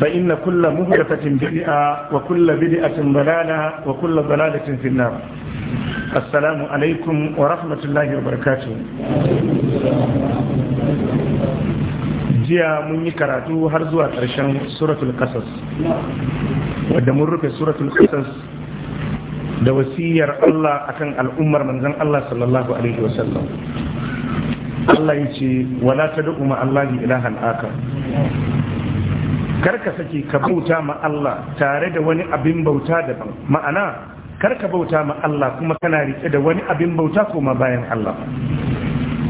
فإن كل مهدفة بدئة وكل بدئة ضلالة وكل ضلالة في النار السلام عليكم ورحمة الله وبركاته jiya mun yi karatu har zuwa ƙarshen suratul ƙasas wadda mun rufe suratul ƙasas da wasiyar Allah akan al'ummar manzan Allah sallallahu Allah ya ce wala ta da'u kar ka sake ka bauta ma Allah tare da wani abin bauta daban ma'ana kar ka bauta ma Allah kuma kana rike da wani abin bauta koma bayan Allah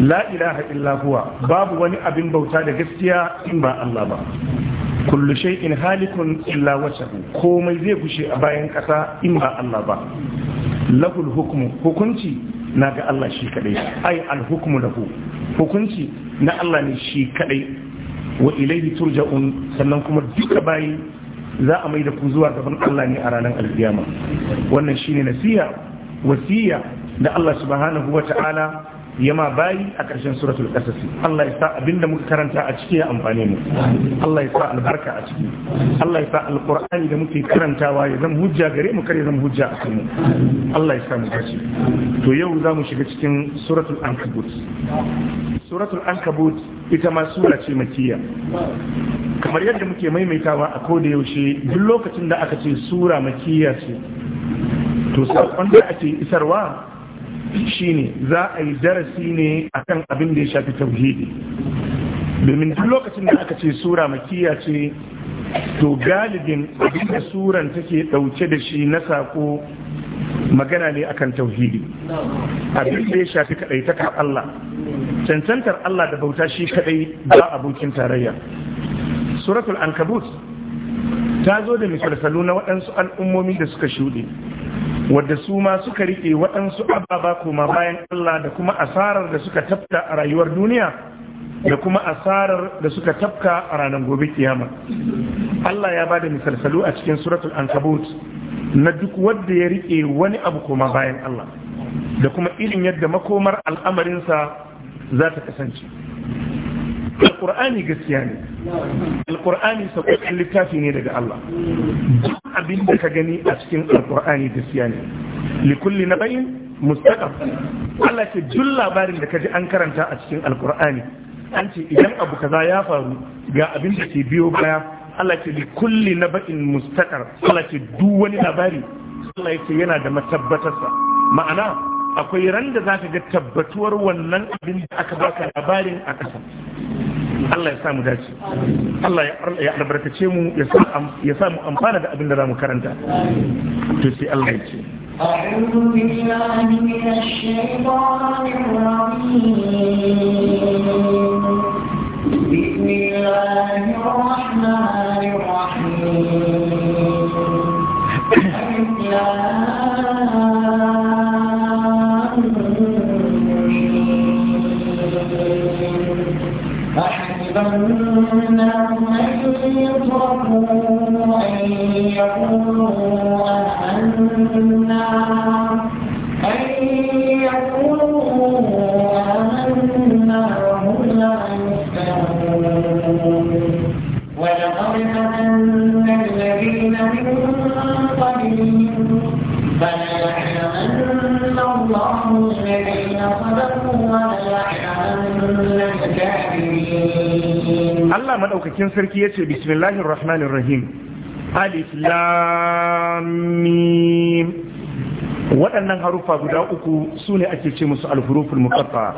la ilaha illa huwa babu wani abin bauta da gaskiya in ba Allah ba kullu shay'in halikun illa wajhu komai zai gushe a bayan kasa in ba Allah ba lahul hukmu hukunci na ga Allah shi kadai ai al hukmu lahu hukunci na Allah ne shi kadai wa ilaihi turja'un sannan kuma duka bayi za a mai da ku zuwa gaban Allah ne a ranar alkiyama wannan shine nasiha wasiya da Allah subhanahu wa ta'ala yama bayi a ƙarshen suratul qasas Allah ya sa abinda muka karanta a ciki ya amfane mu Allah ya sa albarka a ciki Allah ya sa alqur'ani da muke karantawa ya zama hujja gare mu kare zama hujja a kanmu Allah ya sa mu dace to yau za mu shiga cikin suratul ankabut suratul ankabut ita ma sura ce makiyya kamar yadda muke maimaitawa a koda yaushe duk lokacin da aka ce sura makiyya ce to saƙon da ake isarwa shine za a yi darasi ne akan abin da ya shafi tauhidi domin duk lokacin da aka ce sura makiya ce to galibin abin da suran take dauke da shi na sako magana ne akan tauhidi abin da ya shafi kadai ta Allah cancantar Allah da bauta shi kadai ba abokin tarayya suratul ankabut ta zo da misalsalu na waɗansu al'ummomi da suka shuɗe wadda su ma suka riƙe waɗansu ababa kuma bayan Allah da kuma asarar da suka tafka a rayuwar duniya da kuma asarar da suka tafka a ranar gobe kiyama Allah ya ba da misalsalu a cikin suratul ankabut na duk wadda ya riƙe wani abu kuma bayan Allah da kuma irin yadda makomar al'amarinsa za ta kasance Alƙur'ani gaskiya ne alkur'ani sauƙaƙen littafi ne daga Allah abin da ka gani a cikin alkur'ani gaskiya ne likulli na bayin mustaƙaf Allah ce duk labarin da ka ji an karanta a cikin alkur'ani an ce idan abu kaza ya faru ga abin da ke biyo baya Allah ce likulli na bayin mustaƙar Allah ce duk wani labari Allah ya yana da matabbatarsa ma'ana akwai randa zaka za ka ga tabbatuwar wannan abin da aka baka labarin a ƙasa Allah ya samu dace Allah ya albarkace mu ya samu amfana da abin da za mu karanta to sai Allah ya ce فأنهم أن يتركوا أن يقولوا آمنا أن يقولوا آمنا وهم لا يفتنون ولقد الذين من قبلهم فليعلمن الله الذين صدقوا وليعلمن Allah madaukakin sarki yace bismillahir rahmanir rahim alif lam waɗannan harufa guda uku sune ake ce musu alfuruful muqatta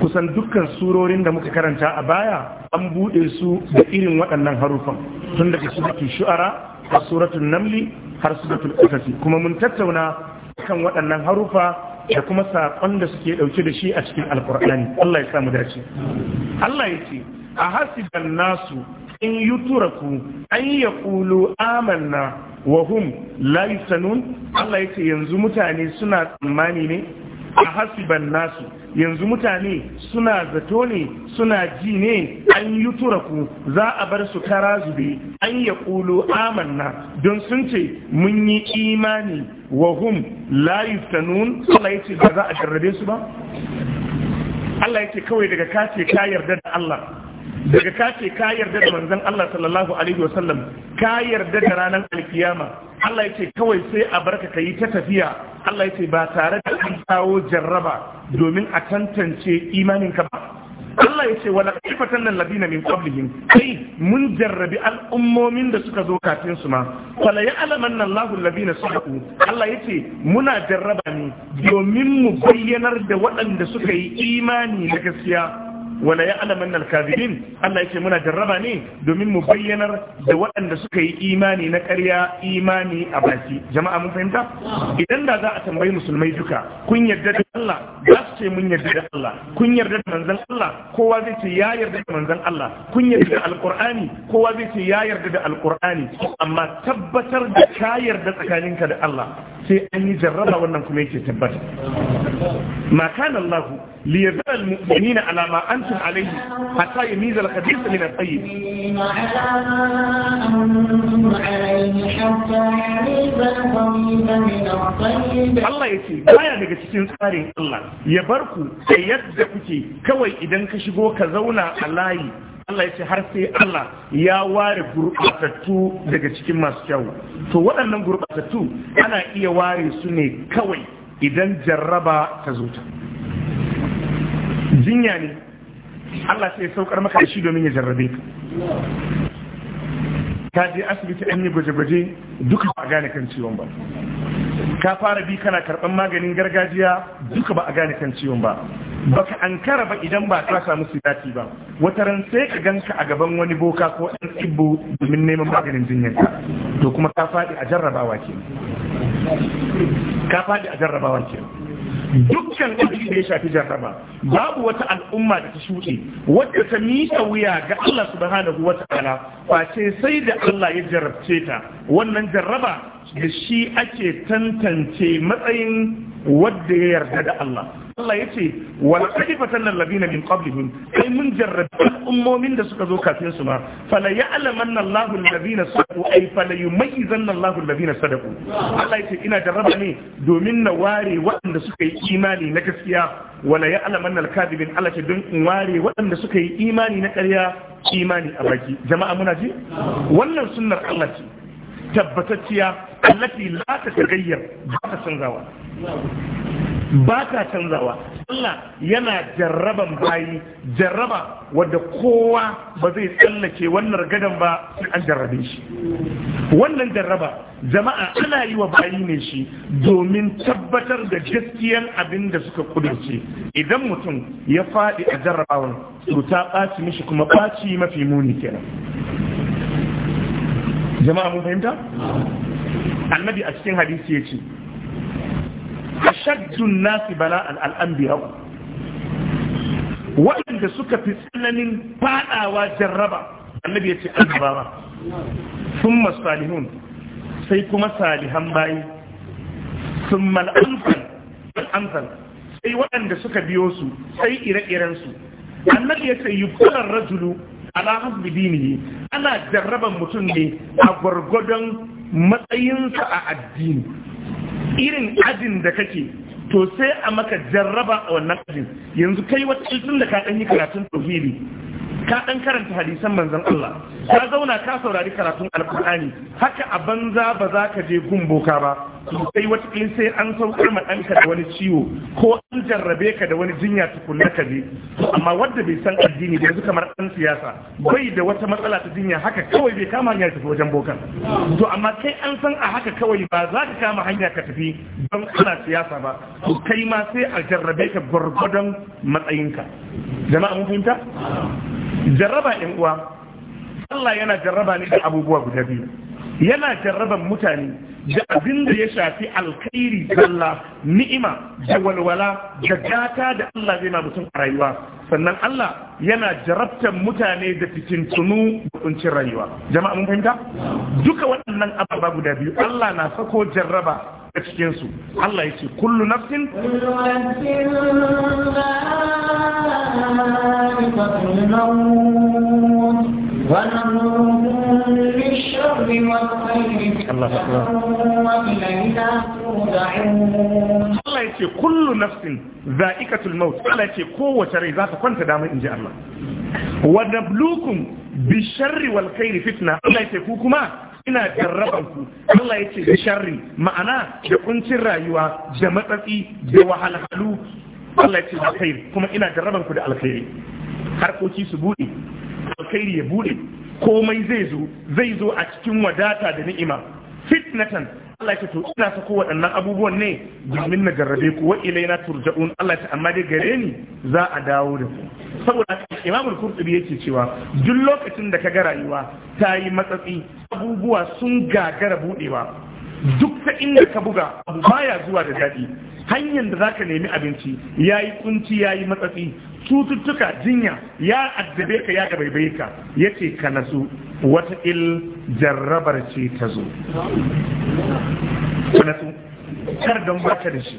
kusan dukkan surorin da muka karanta a baya an buɗe su da irin waɗannan harufan tun daga suratul shu'ara har suratul namli har suratul qasas kuma mun tattauna kan waɗannan harufa da kuma saƙon da suke ɗauke da shi a cikin alƙur'ani Allah ya samu dace Allah ya ce a hasiban nasu in turaku, an ya ƙulu amanna wa hum la Allah ya ce yanzu mutane suna tsammani ne a hasiban nasu yanzu mutane suna zato ne suna ji ne an yi turaku za a bar su kara zube an ya ƙulo amanna don sun ce mun yi imani wa hum la yuftanun Allah yace ba za a jarrabe su ba Allah yake kawai daga kace ka yarda da Allah daga ka ce ka yarda da manzon Allah sallallahu alaihi wasallam ka yarda da ranar alkiyama Allah yace kawai sai a barka ka yi ta tafiya Allah ce ba tare da an kawo jarraba domin a tantance imaninka ba Allah yace wala kifatan nan ladina min qablihim kai mun jarrabi al'ummomin da suka zo kafin su ma fala ya'laman Allahu alladina sadaqu Allah yace muna jarraba ne domin mu bayyanar da waɗanda suka yi imani na gaskiya wala ya alaman alkazibin Allah yake muna jarraba ne domin mu bayyanar da waɗanda suka yi imani na ƙarya imani a baki jama'a mun fahimta idan da za a tambayi musulmai duka kun yarda da Allah za su ce mun yarda da Allah kun yarda da manzon Allah kowa zai ce ya yarda da manzon Allah kun yarda da alqur'ani kowa zai ce ya yarda da alqur'ani amma tabbatar da ka yarda tsakaninka da Allah sai an yi jarraba wannan kuma yake tabbata ma kana Allah li yazara al mu'minina ala ma antum alayhi hatta yamiza al min al tayyib Allah yace baya daga cikin tsarin Allah ya bar ku da yadda kuke kawai idan ka shigo ka zauna a layi Allah ya ce har sai Allah ya ware gurbatattu daga cikin masu kyau to waɗannan gurbatattu ana iya ware su ne kawai idan jarraba ta zuta jinya ne Allah sai ya saukar maka shi domin ya jarrabe ka ka je asibiti an yi gwaje-gwaje duka ba gane kan ciwon ba ka fara bi kana karɓar maganin gargajiya duka ba a gane kan ciwon ba baka ankara ba idan ba ka samu sidati ba wata ran sai ka ganka a gaban wani boka ko ɗan ibo domin neman maganin jinyar ka. to kuma ka faɗi a jarrabawa ke ka faɗi a jarrabawa ke dukkan da ya shafi jarraba babu wata al'umma da ta shuɗe wadda ta nisa wuya ga Allah subhanahu wa ta'ala face sai da Allah ya jarrabce ta wannan jarraba da shi ake tantance matsayin wadda ya yarda da Allah Allah ya ce wala kadi fatan allazina min qablihim sai mun jarrabi ummomin da suka zo kafin su ma fala ya'lamanna Allahu allazina sadaqu ai fala yumayyizanna Allahu allazina Allah ya ce ina jarraba ne domin na ware waɗanda suka yi imani na gaskiya wala ya'lamanna al-kadibin Allah ce don in ware waɗanda suka yi imani na ƙarya imani a baki jama'a muna ji wannan sunnar Allah ce tabbatacciya allati la ta tagayyar ba ta canzawa ba ta Allah yana jarraban bayi jarraba wadda kowa ba zai tsallake wannan gadan ba sai an jarrabe shi wannan jarraba jama'a ana yi wa bayi ne shi domin tabbatar da gaskiyan abin da suka kudurce idan mutum ya faɗi a jarrabawar ta ɓaci mishi kuma ɓaci mafi muni kenan jama'a mun fahimta annabi a cikin hadisi ya ce ashaddun nasi bala'an al'anbiya waɗanda suka fi tsananin faɗawa jarraba annabi ya ce annabawa sun masalihun sai kuma salihan bayi sun mal'amfan sai waɗanda suka biyo su sai ire su annabi ya ce yi rajulu ala hasbi dinihi ana jarraban mutum ne a gwargwadon matsayinsa a addini irin ajin da kake to sai a maka jarraba a wannan ajin yanzu kai wata da ka ɗan yi karatun tauhidi ka ɗan karanta hadisan manzon Allah ka zauna ka saurari karatun alkur'ani haka a banza ba za ka je gun boka ba sai wata sai an saukar ma ɗanka da wani ciwo ko an jarrabe ka da wani jinya tukunna ka je amma wanda bai san addini ba yanzu kamar ɗan siyasa bai da wata matsala ta jinya haka kawai bai kama hanya tafi wajen bokan to amma kai an san a haka kawai ba za ka kama hanya ka tafi don ana siyasa ba kai ma sai a jarrabe ka gwargwadon matsayinka jama'a mun fahimta jarraba ɗin uwa Allah yana jarraba ne da abubuwa guda biyu yana jarraba mutane da abin da ya shafi alkhairi Allah ni'ima da walwala da gata da Allah zai ma mutum a rayuwa sannan Allah yana jarabtar mutane da fitintunu da kuncin rayuwa jama'a mun fahimta duka waɗannan ababa guda biyu Allah na sako jarraba daga cikinsu Allah ya ce kullu nafsin Allah ya ce kullu nafsin za'ikatul maut Allah ya ce kowace rai za ta kwanta damar inji Allah wa blukun bi sharri wal khairi fitna Allah ya ce ku kuma ina jarraban ku Allah ya da sharri ma'ana da kuncin rayuwa da matsatsi da wahalhalu Allah ya ce da khairi kuma ina jarraban ku da alkhairi harkoki su bude alkhairi ya bude komai zai zo zai zo a cikin wadata da ni'ima fitnatan Allah ce to ina sako waɗannan abubuwan ne domin na garrabe ku wa ilaina turja'un Allah ce amma dai gare ni za a dawo da ku saboda Imam al-Qurtubi yake cewa duk lokacin da ka ga rayuwa ta yi matsatsi abubuwa sun gagara budewa duk ta inda ka buga abu baya zuwa da daɗi hanyar da zaka nemi abinci yayi kunci yayi matsatsi cututtuka jinya ya addabe ka ya gabaibaye ka yace ka nasu wata il jarrabar ce ta zo ka kar don baka da shi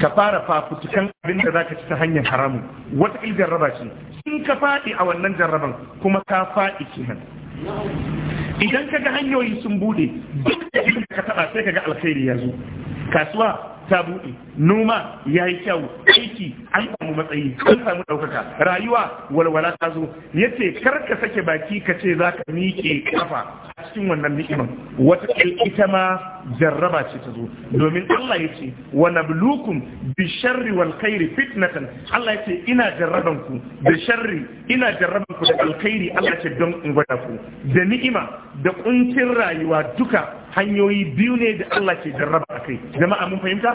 ka fara fafutukan abin da zaka ci ta hanyar haramun wata il jarraba ce in ka faɗi a wannan jarraban kuma ka faɗi kenan idan ka ga hanyoyi sun buɗe duk da da ka taɓa sai ka ga alkhairi ya zo kasuwa ta buɗe noma ya yi kyau aiki an samu matsayi an samu ɗaukaka rayuwa walwala ta zo ya ce kar ka sake baki ka ce za ka miƙe ƙafa. a cikin wannan ni'iman wata ita ma jarraba ce ta zo domin Allah ya ce wa nablukum bi sharri wal khairi fitnatan Allah ya ce ina jarraban ku da sharri ina jarraban ku da alkhairi Allah ce don in gwada ku da ni'ima da kuncin rayuwa duka hanyoyi biyu ne da Allah ke jarraba a kai jama'a mun fahimta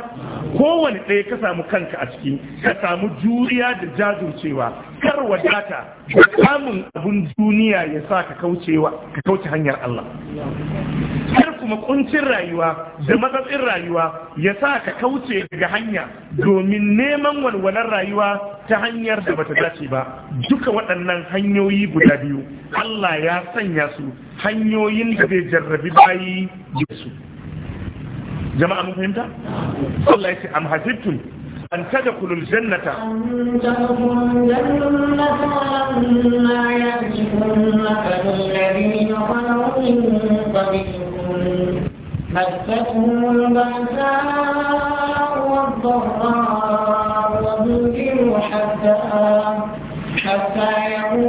kowane ɗaya ka samu kanka a ciki ka samu juriya da jajircewa kar wadata da samun abun duniya ya sa ka kaucewa ka kauce hanyar Allah Allah kar kuma kuncin rayuwa da matsatsin rayuwa ya sa ka kauce daga hanya domin neman walwalar rayuwa ta hanyar da bata dace ba duka waɗannan hanyoyi guda biyu Allah ya sanya su hanyoyin da zai jarrabi bayi da su jama'a mun fahimta Allah ya ce am hasibtum أن تدخلوا الجنة ولما يأتكم مثل الذين خلوا من قبلكم مستهم البأساء والضراء وذكروا حتى حتى يقولوا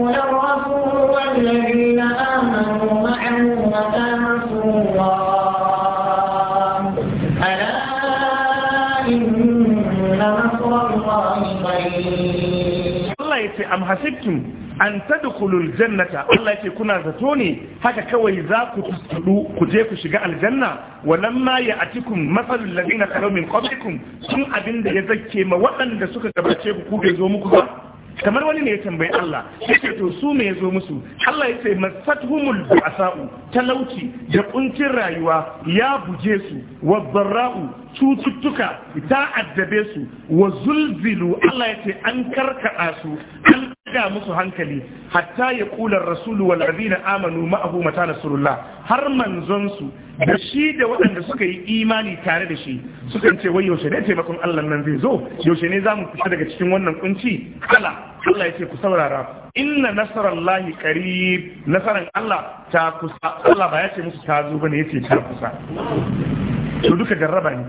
am hasibtum an tadkhulul jannata Allah yake kuna zato ne haka kawai za ku tudu ku je ku shiga aljanna walamma ya'tikum masalul ladina khalaw min qablikum sun abinda ya zakke ma waɗanda suka gabace ku ku zo muku ba kamar wani ne ya tambayi Allah yake to su ya zo musu Allah ya ce masathumul bu'asa'u talauci da kuncin rayuwa ya buje su wa dharra'u cututtuka ta addabe su wa zulzilu Allah ya ce an karkaɗa su da musu hankali hatta ya kular rasulu wal ladina amanu ma'ahu mata nasrullah har manzon su da shi da waɗanda suka yi imani tare da shi sukan ce wai yaushe ne taimakon Allah nan zai zo yaushe ne zamu fita daga cikin wannan kunci kala Allah ya ce ku saurara inna nasarallahi qarib nasaran Allah ta kusa Allah ba ya ce musu ta zo bane yace ta kusa to duka jarraba ne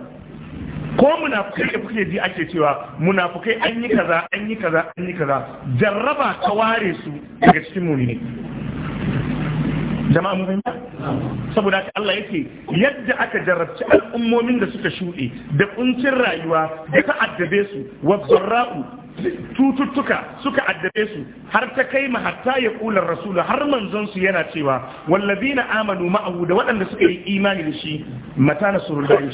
ko munafukai da kuke ji ake cewa munafukai an yi kaza an yi kaza an yi kaza jarraba ka ware su daga cikin mumini jama'a mun fahimta saboda ka Allah yake yadda aka jarrabci al'ummomin da suka shuɗe da kuncin rayuwa da ta addabe su wa zarra'u tututtuka suka addabe su har ta kai ma hatta ya kular rasulu har manzon su yana cewa wallazina amanu ma'ahu da waɗanda suka yi imani da shi mata da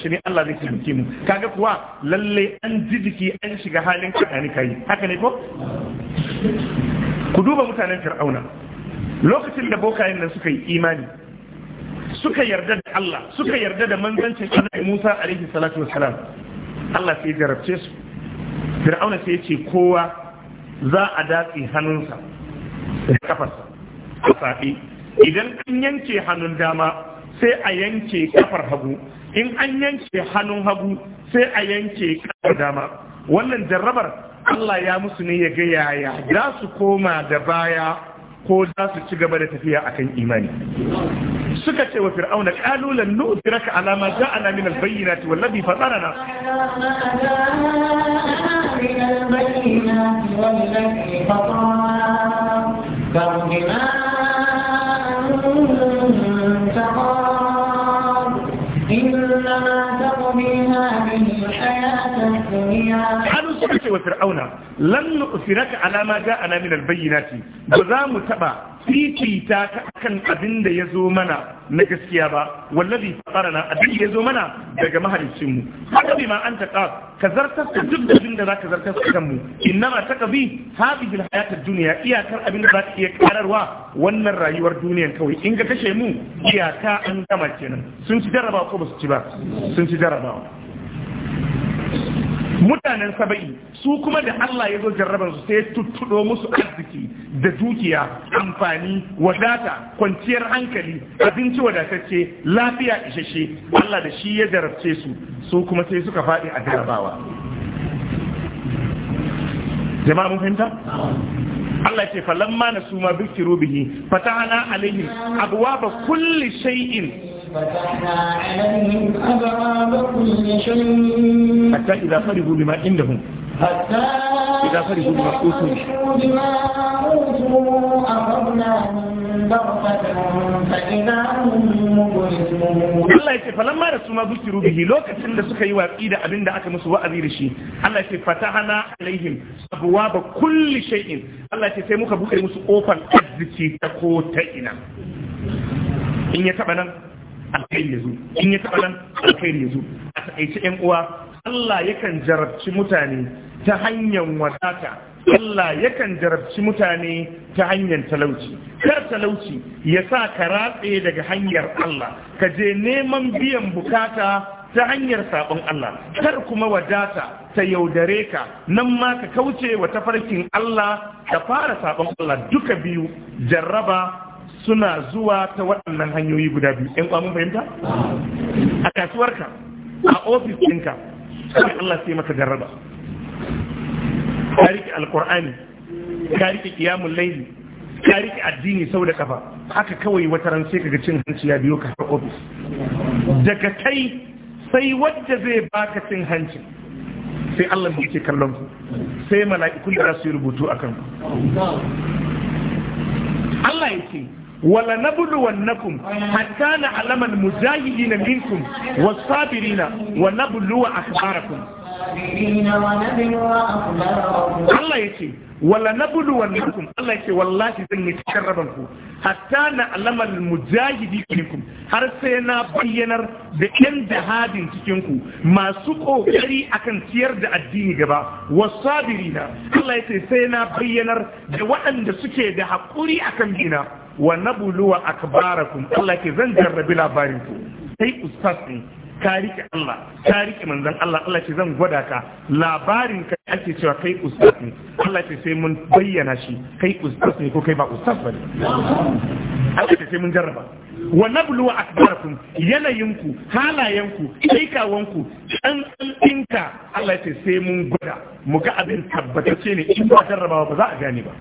shi ne Allah zai taimake mu kaga kuwa lalle an jijiki an shiga halin kadani kai haka ne ko ku duba mutanen fir'auna lokacin da bokayen nan suka yi imani suka yarda da Allah suka yarda da manzancin Annabi Musa alaihi salatu wassalam Allah sai jarabce su fir'auna sai ce kowa za a datse hannunsa da kafarsa a saɓi idan an yanke hannun dama sai a yanke kafar hagu in an yanke hannun hagu sai a yanke kafar dama wannan jarrabar Allah ya musu ne ya ga yaya za su koma da baya ko za su ci gaba da tafiya akan imani suka ce wa fir'auna qalu lan nu'tiraka ala ma ja'ana min al-bayyinati wallazi fatarana البينات والذي فطرنا فارجما suka ce wa fir'auna lan nu'siraka ala ma ja'ana min al ba za mu taba fifita ta kan abin da ya zo mana na gaskiya ba wallazi fatarana abin da ya zo mana daga mahaliccin mu haka bi ma anta qaf ka zartas da duk abin da zaka zartas da kanmu inna ma taqbi hadhihi al ad-dunya iyakar abin da zaka iya kararwa wannan rayuwar duniyan kawai in ga kashe mu iyaka an gama kenan sun ci jarrabawa ko ba su ci ba sun ci jarrabawa mutanen saba'i su kuma da Allah ya zo jarrabar su sai tuttuɗo musu arziki da dukiya amfani wadata kwanciyar hankali abinci wadatacce lafiya isasshe Allah da shi ya jarabce su su kuma sai suka faɗi a jarabawa jama'a mun fahimta Allah ce falamma na suma ma bikiru bihi fatahana alaihim abwaba kulli shay'in فتحنا عليهم أبواب كل شيء حتى إذا فرغوا بما عندهم حتى إذا فرغوا بما أوتوا بما أوتوا أخذناهم Allah ya ce falamma da su ma bukiru bihi lokacin da suka yi watsi da abin da aka musu wa'azi da shi Allah ya ce fatahana alaihim abuwa ba kulli shay'in Allah ya ce sai muka buɗe musu kofar arziki ta ko ta ina in ya taba nan alkhairi ya zo in ya taɓa nan alkhairi ya zo a taƙaice ƴan uwa Allah yakan jarabci mutane ta hanyar wadata Allah yakan jarabci mutane ta hanyar talauci kar talauci ya sa ka ratse daga hanyar Allah ka je neman biyan bukata ta hanyar saɓon Allah kar kuma wadata ta yaudare ka nan ma ka kauce wa tafarkin Allah ka fara saɓon Allah duka biyu jarraba suna zuwa ta waɗannan hanyoyi guda biyu ɗan kwamin fahimta a kasuwarka a ofis ɗinka sai Allah sai maka jarraba ka rike alkur'ani ka kiyamun laili ka addini sau da ƙafa, haka kawai wata ran sai kaga cin hanci ya biyo ka ofis daga kai sai wadda zai baka cin hanci sai Allah mai ce kallon ku sai mala'ikun da su rubutu akan ku Allah ya ce. wala nabluwannakum hatta na'lama al-mujahidina minkum was-sabirina wa nabluwa akhbarakum Allah yace wala nabluwannakum Allah yace wallahi zan yi karraban ku hatta na'lama al-mujahidi minkum har sai na bayyanar da ɗan jihadin cikin ku masu ƙoƙari akan ciyar da addini gaba was-sabirina Allah yace sai na bayyanar da waɗanda suke da haƙuri akan bina wa nabluwa akbarakum Allah ke zan jarrabi labarin ku sai ustaz ne ka rike Allah ka rike manzon Allah Allah ke zan gwada ka labarin ka ake cewa kai ustaz ne Allah ke sai mun bayyana shi kai ustaz ne ko kai ba ustaz bane Allah ke sai mun jarraba wa nabluwa akbarakum yanayinku halayenku aikawanku an ɗinka Allah ke sai mun gwada mu ga abin tabbatacce ne in ba jarrabawa ba za a gane ba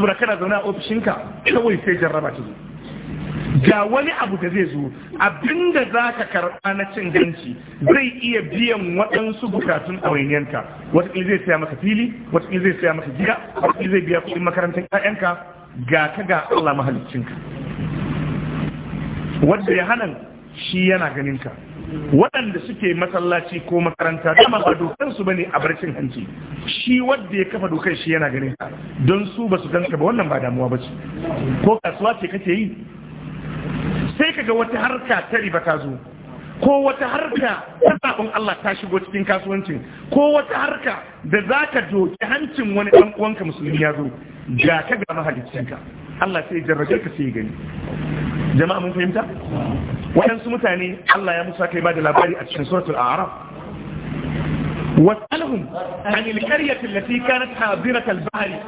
saboda kana zaune a ofishinka kawai sai jarraba ta zo ga wani abu da zai zo abinda za ka karɓa na cin ganci zai iya biyan waɗansu bukatun awainiyanka. wataƙil zai saya maka fili wataƙil zai saya maka gida wataƙil zai biya kuɗin makarantar ƴaƴanka ga ka ga Allah mahaliccinka wanda ya hanan shi yana ganinka waɗanda suke masallaci ko makaranta dama ba dokansu bane a barcin hanci shi wadda ya kafa dokar shi yana ganin don su ba su ganka ba wannan ba damuwa ba ce ko kasuwa ce kake yi sai kaga wata harka ta riba ta zo ko wata harka ta sabon Allah ta shigo cikin kasuwancin ko wata harka da za ka doki hancin wani ɗan uwanka musulmi ya zo ga ka ga mahalicinka Allah sai jarrabe ka sai gani jama'a mun fahimta waɗansu mutane Allah ya musa kai ba da labari a cikin suratul a'raf was'alhum an al-qaryati allati kanat hadirat al-bahri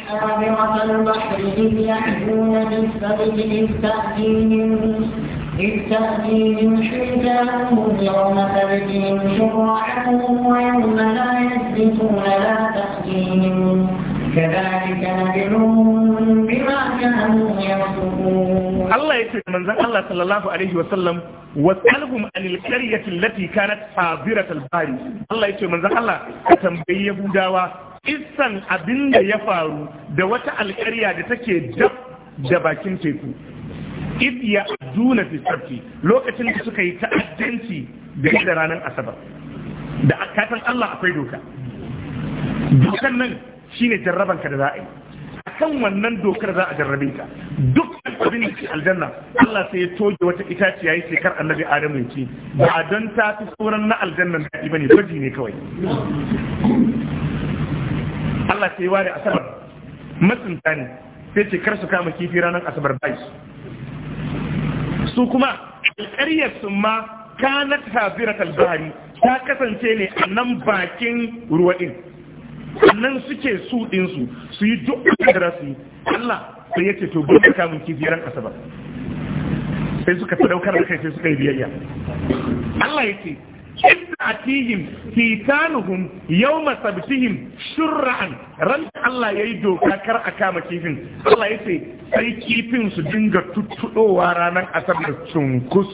حاضرة البحر إذ يحجون بالسبب إذ تأتيهم إذ تأتيهم حجابهم يوم سبتهم شرعا ويوم لا يثبتون لا تأتيهم كذلك نبلهم بما كانوا يفسقون الله يسير من ذن الله صلى الله عليه وسلم واسألهم عن القرية التي كانت حاضرة الباري الله يسير من ذن الله كتنبي يهوداوا isan abin da ya faru da wata alkarya da take dab da bakin teku Ibya ya fi sarki lokacin da suka yi ta'addanci da da ranar asabar da akatan Allah akwai doka dokan nan shine jarrabanka da za a yi kan wannan dokar za a jarrabe ka duk abin da ke aljanna Allah sai ya toge wata itaciya yace kar annabi Adamu ya ci ba don ta fi sauran na aljanna da bane gwaji ne kawai Allah sai ware asabar masunta ne sai ce kar su kama kifi ranar asabar bai su kuma alƙaryar sun ma kanat hazirat albahari ta kasance ne a nan bakin ruwa din sannan suke su ɗinsu su yi duk da su yi Allah sai ya to gudu ka kamun kifi ran asabar sai suka fi daukar da kai sai suka yi biyayya Allah ya ce inda atihim titanuhum yawma sabtihim shurra'an. ran Allah yayi doka kar a kama kifin Allah ya ce sai kifin su dinga tuttudowa ranar asabar cunkus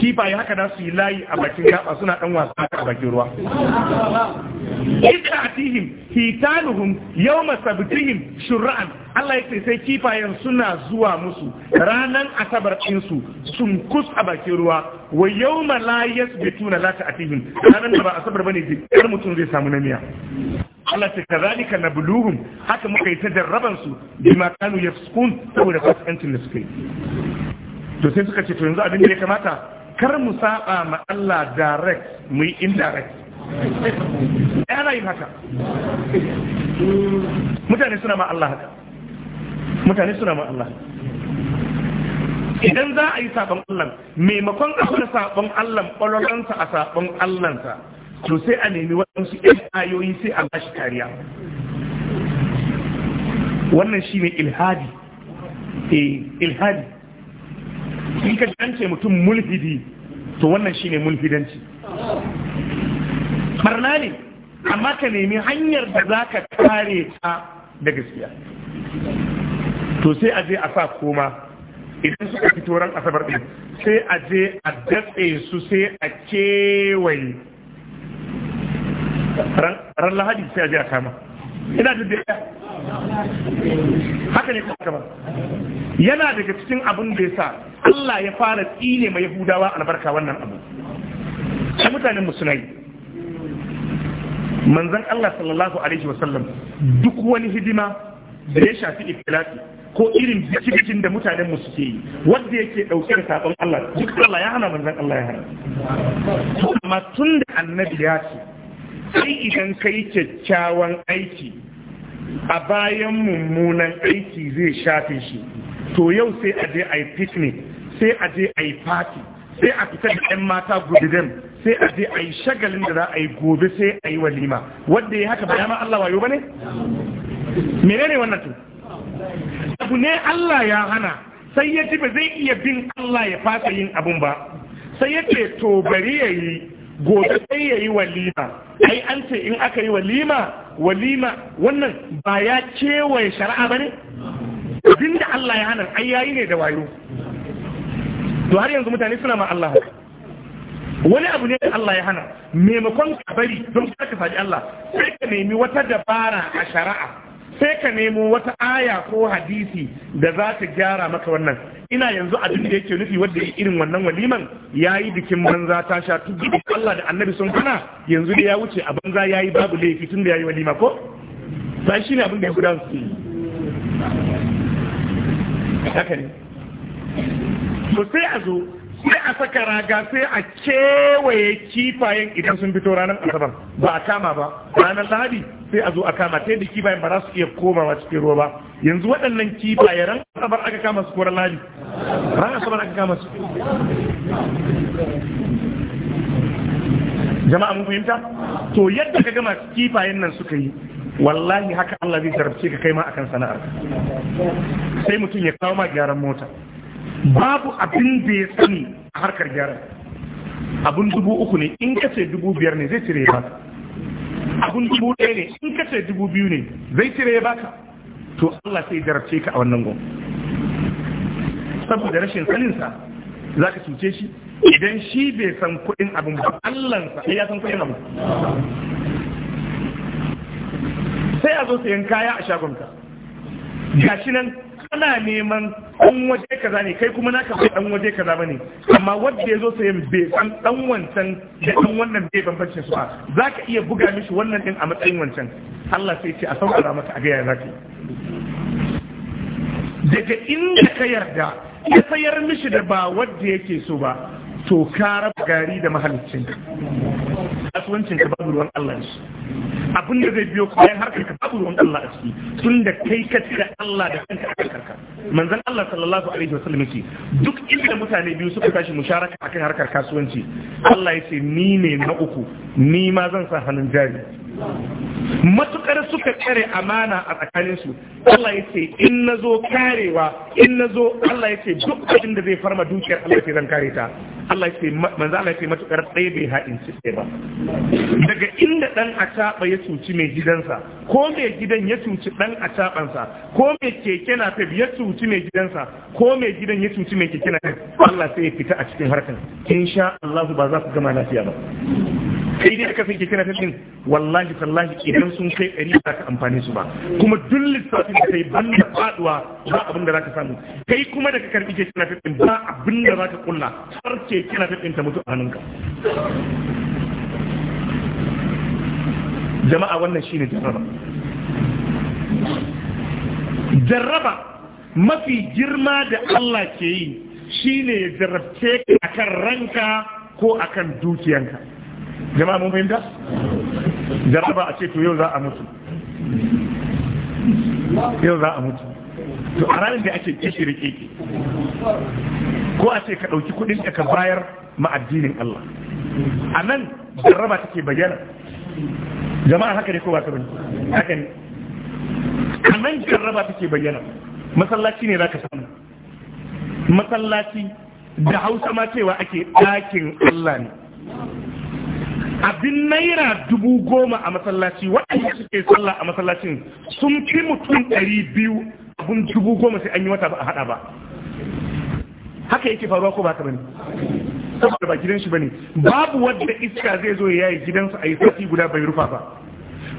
kifaye haka da su yi layi a bakin gaba suna ɗan wasa a bakin ruwa ikatihim hitanuhum yawma sabtihim shur'an Allah yake sai kifayen suna zuwa musu ranan asabar din su sun kus a bakin ruwa wa yawma la yasbituna la ta'tihim ranan da ba asabar bane dukkan mutum zai samu namiya Allah ta kazalika nabluhum haka muka yi ta jarraban su bima kanu yafsukun saboda fasikancin da suka yi to sai suka ce to yanzu abin da ya kamata kar mu saba ma Allah direct mu yi indirect idan za a yi sabon Allah maimakon a wani sabon Allah ƙwararransa a sabon Allahnsa to sai a nemi waɗansu ɗin ayoyi sai a bashi kariya wannan shi ne ilhadi eh ilhadi in ka ce mutum mulhidi to wannan shi ne mulhidanci barna ne amma ka nemi hanyar da za ka kare ta da gaskiya to sai a je a sa koma idan suka fito ran asabar ɗin sai a je a datse su sai a kewaye ran lahadi sai a je a kama ina da daya haka ne kuma kama yana daga cikin abin da ya sa Allah ya fara tsine mai Yahudawa albarka wannan abu sai mutanen musulmai Manzan Allah sallallahu alaihi wasallam duk wani hidima da ya shafi ikhlasi ko irin cikin da mutanen mu suke yi wanda yake ɗauke da sabon Allah duk Allah ya hana manzan Allah ya hana amma tun da annabi ya ce sai idan kai kyakkyawan aiki a bayan mummunan aiki zai shafe shi to yau sai a je a yi picnic sai a je a yi party sai a fitar da 'yan mata gududem sai a je a yi shagalin da za a yi gobe sai a yi walima wadda ya haka bayan Allah wayo bane menene wannan to abu ne Allah ya hana sai ya ba zai iya bin Allah ya fasa yin abun ba sai ya ce to bari ya yi gobe sai ya yi walima ai an ce in aka yi walima walima wannan ba ya kewaye shari'a ba ne abinda Allah ya hana ai yayi ne da wayo to har yanzu mutane suna ma Allah haka wani abu ne da Allah ya hana maimakon ka bari don ka faɗi Allah sai ka nemi wata dabara a shari'a sai ka nemo wata aya ko hadisi da za ta gyara maka wannan ina yanzu abin da yake nufi wadda ya irin wannan waliman ya yi bikin banza ta sha da Allah da annabi sun kana yanzu da ya wuce a banza ya yi babu laifi tun da ya yi walima ko sai shi ne abin da ya gudan su haka ne to sai a zo sai a saka raga sai a kewaye kifayen idan sun fito ranar asabar ba a kama ba ranar lahadi sai a zo a kama ta yadda kifayen ba za su iya komawa cikin ruwa ba yanzu waɗannan kifaye ran asabar aka kama su koran lahadi ran asabar aka kama su jama'a mun fahimta to yadda ka gama kifayen nan suka yi wallahi haka Allah zai sarrafe ka kai ma akan sana'ar sai mutum ya kawo ma gyaran mota babu abin da ya sani a harkar gyara Abun dubu uku ne in kace dubu biyar ne zai cire ba Abun dubu ɗaya ne in kace dubu biyu ne zai cire ba ka to Allah sai jarabce ka a wannan gon saboda rashin saninsa za ka cuce shi idan shi bai san kuɗin abin ba Allahnsa ya san kuɗin abin sai a zo sayan kaya a shagonka gashi nan ana neman ɗan waje kaza ne kai kuma naka bai ɗan waje kaza bane amma wanda ya zo sayan bai san ɗan wancan da ɗan wannan bai bambancin su ba za ka iya buga mishi wannan din a matsayin wancan Allah sai ce a za maka a gaya za ka daga inda ka yarda ya sayar mishi da ba wanda yake so ba to ka raba gari da mahaliccinka kasuwancinka babu ruwan Allah ne. abin da zai biyo kayan harkar ka babu ruwan Allah a ciki tun da kai ka cika Allah da kanka a harkarka manzon Allah sallallahu alaihi wa sallam yake duk inda mutane biyu suka tashi musharaka akan harkar kasuwanci Allah ya ce ni ne na uku ni ma zan sa hannun jari matukar suka kare amana a tsakaninsu Allah ya ce in na zo karewa in na zo Allah ya ce duk abin da zai farma dukiyar Allah ya ce zan kare ta Allah ya ce manzo Allah ya ce matukar ɗaya bai haɗin ci ba daga inda dan ataba ya cuci mai gidansa ko mai gidan ya cuci dan atabansa ko mai keke na ya cuci mai gidansa ko mai gidan ya cuci mai keke na Allah sai ya fita a cikin harkan insha Allah ba za ku gama lafiya ba kai dai aka sanke kana tafin wallahi tallahi idan sun kai ɗari ba ka amfani su ba kuma duk lissafin da kai ban da faduwa ba abin da za ka samu kai kuma da ka karbi ke kana tafin ba abin da za ka kulla har ce kana tafin ta mutu a hannunka jama'a wannan shine jarraba jarraba mafi girma da Allah ke yi shine ya jarrabce ka akan ranka ko akan dukiyanka jama'a mun fahimta jaraba a ce to yau za a mutu yau za a mutu to a ranar da ake kishi keke ko a ce ka ɗauki kuɗin da ka bayar ma'addinin Allah a nan jaraba take bayyana jama'a haka ne ko ba ta bani haka ne a nan jaraba take bayyana masallaci ne za ka samu masallaci da hausa ma cewa ake ɗakin Allah ne abin naira dubu goma a masallaci waɗanda suke sallah a masallacin sun fi mutum ɗari biyu abin dubu goma sai an yi wata ba a haɗa ba haka yake faruwa ko ba ta bane saboda ba gidan shi bane babu wadda iska zai zo ya yi gidansa a yi sati guda bai rufa ba